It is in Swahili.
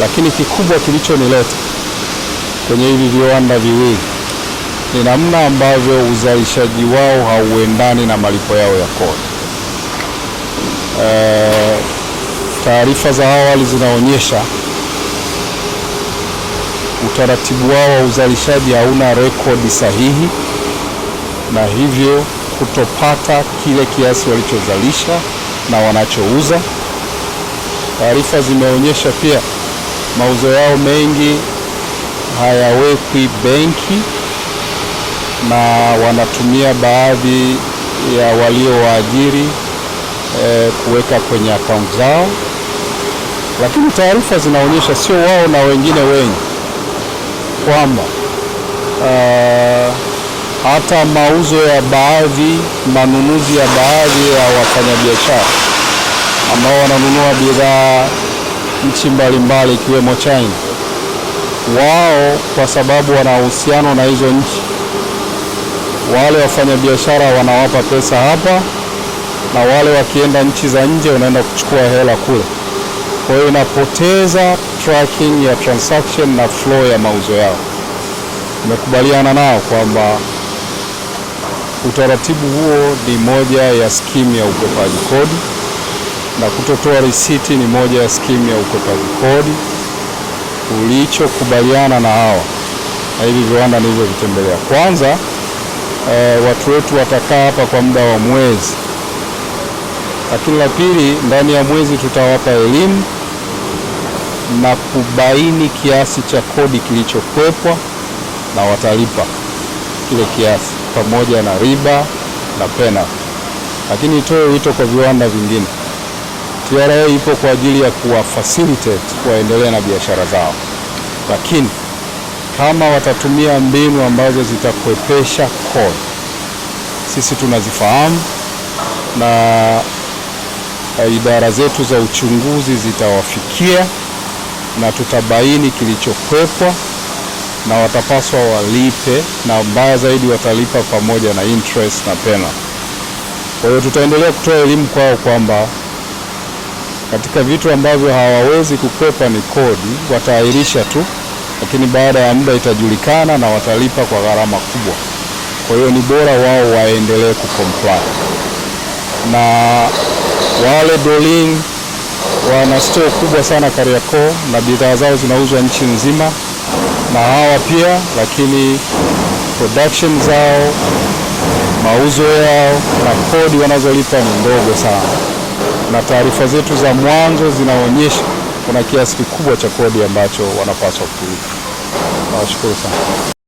Lakini kikubwa kilichonileta kwenye hivi viwanda viwili ni namna ambavyo uzalishaji wao hauendani na malipo yao ya kodi. E, taarifa za awali zinaonyesha utaratibu wao wa uzalishaji hauna rekodi sahihi na hivyo kutopata kile kiasi walichozalisha na wanachouza. Taarifa zimeonyesha pia mauzo yao mengi hayawekwi benki na wanatumia baadhi ya waliowaajiri e, kuweka kwenye akaunti zao, lakini taarifa zinaonyesha sio wao na wengine wengi kwamba uh, hata mauzo ya baadhi, manunuzi ya baadhi ya wafanyabiashara ambao wananunua bidhaa nchi mbalimbali ikiwemo China. Wao kwa sababu wana uhusiano na hizo nchi, wale wafanyabiashara wanawapa pesa hapa, na wale wakienda nchi za nje wanaenda kuchukua hela kule. Kwa hiyo inapoteza tracking ya transaction na flow ya mauzo yao. Tumekubaliana nao kwamba utaratibu huo ni moja ya skimu ya ukwepaji kodi na kutotoa risiti ni moja ya skimu ya ukwepaji kodi ulichokubaliana na hawa na hivi viwanda nilivyovitembelea. Kwanza e, watu wetu watakaa hapa kwa muda wa mwezi, lakini la pili, ndani ya mwezi tutawapa elimu na kubaini kiasi cha kodi kilichokwepwa na watalipa kile kiasi pamoja na riba na pena. Lakini itoe wito kwa viwanda vingine TRA ipo kwa ajili ya facilitate kuwaendelea na biashara zao, lakini kama watatumia mbinu ambazo zitakwepesha kodi, sisi tunazifahamu na eh, idara zetu za uchunguzi zitawafikia na tutabaini kilichokwepwa na watapaswa walipe, na mbaya zaidi watalipa pamoja na interest na penalty. Kwa hiyo tutaendelea kutoa elimu kwao kwamba katika vitu ambavyo hawawezi kukwepa ni kodi, wataahirisha tu, lakini baada ya muda itajulikana na watalipa kwa gharama kubwa. Kwa hiyo ni bora wao waendelee kucomply na wale Dolin wana store kubwa sana Kariakoo na bidhaa zao zinauzwa nchi nzima na hawa pia, lakini production zao, mauzo yao na kodi wanazolipa ni ndogo sana na taarifa zetu za mwanzo zinaonyesha kuna kiasi kikubwa cha kodi ambacho wanapaswa kulipa. Nawashukuru sana.